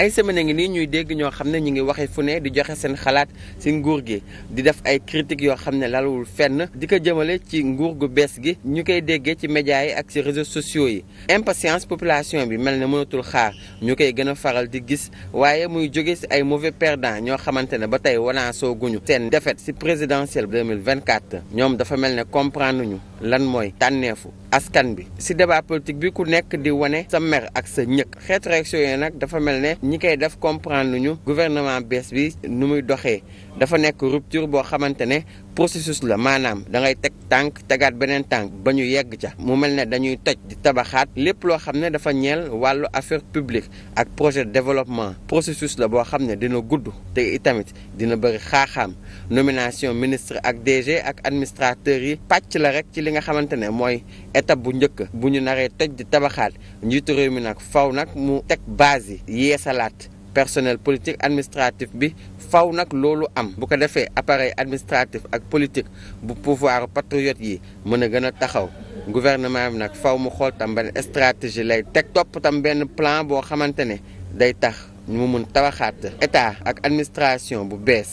ay semaine ngi nii ñuy dégg ñoo xam ne ñu ngi waxee fu ne di joxe seen xalaat ci nguur gi di def ay critiques yoo xam ne lalawul fenn di ko jëmale ci nguur gu bees gi ñu koy déggee ci médias yi ak ci réseaux sociaux yi impatience population bi mel ne mënatul xaar ñu koy gën a faral di gis waaye muy jóge ci ay mauvais perdants ñoo xamante ne ba tey wanaasoo guñu seen défaite ci présidentielle 2024 ñoom dafa mel ne comprendre ñu lan mooy tànneefu askan bi si débat bi ku nekk di wane sa mer ak sa ñëkk xeetu réaction yi nag dafa mel ne ñi koy def comprendre ñu gouvernement bees bi nu muy doxee dafa nekk rupture boo xamante ne processus la maanaam da ngay teg tànk tegaat beneen tànk ba ñu yegg ca mu mel ne dañuy toj di tabaxaat lépp loo xam ne dafa ñeel wàllu affaire publique ak projet de développement processus la boo xam ne dina gudd te itamit dina bëri xaaxaam nomination ministre ak DG ak administrateur yi pàcc li nga xamante ne mooy étape bu njëkk bu ñu naree toj di tabaxaat njiitu réew mi nag faw nag mu teg base yi yeesalaat personnel politique administratif bi faw nag loolu am bu ko defee appareil administratif ak politique bu pouvoir patriote yi mën a gën a taxaw gouvernement bi nag faw mu xool tam benn stratégie lay teg topp tam benn plan boo xamante ne day tax ñu mu mun tabaxaat état ak administration bu bees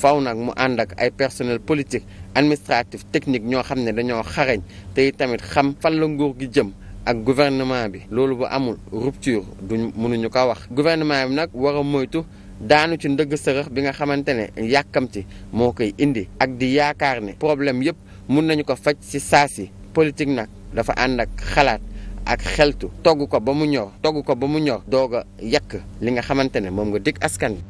faw nag mu ànd ak ay personnel politique administratif technique ñoo xam ne dañoo xarañ tey tamit xam fan la nguur gi jëm ak gouvernement bi loolu bu amul rupture duñ mënuñu ko wax gouvernement bi nag war moytu daanu ci ndëgg sërëx bi nga xamante ne yàkkamti moo koy indi ak di yaakaar ne problème yëpp mun nañu ko faj ci saa si politique nag dafa ànd ak xalaat ak xeltu togg ko ba mu ñor togg ko ba mu ñor doog a yàq li nga xamante ne moom nga dig askan bi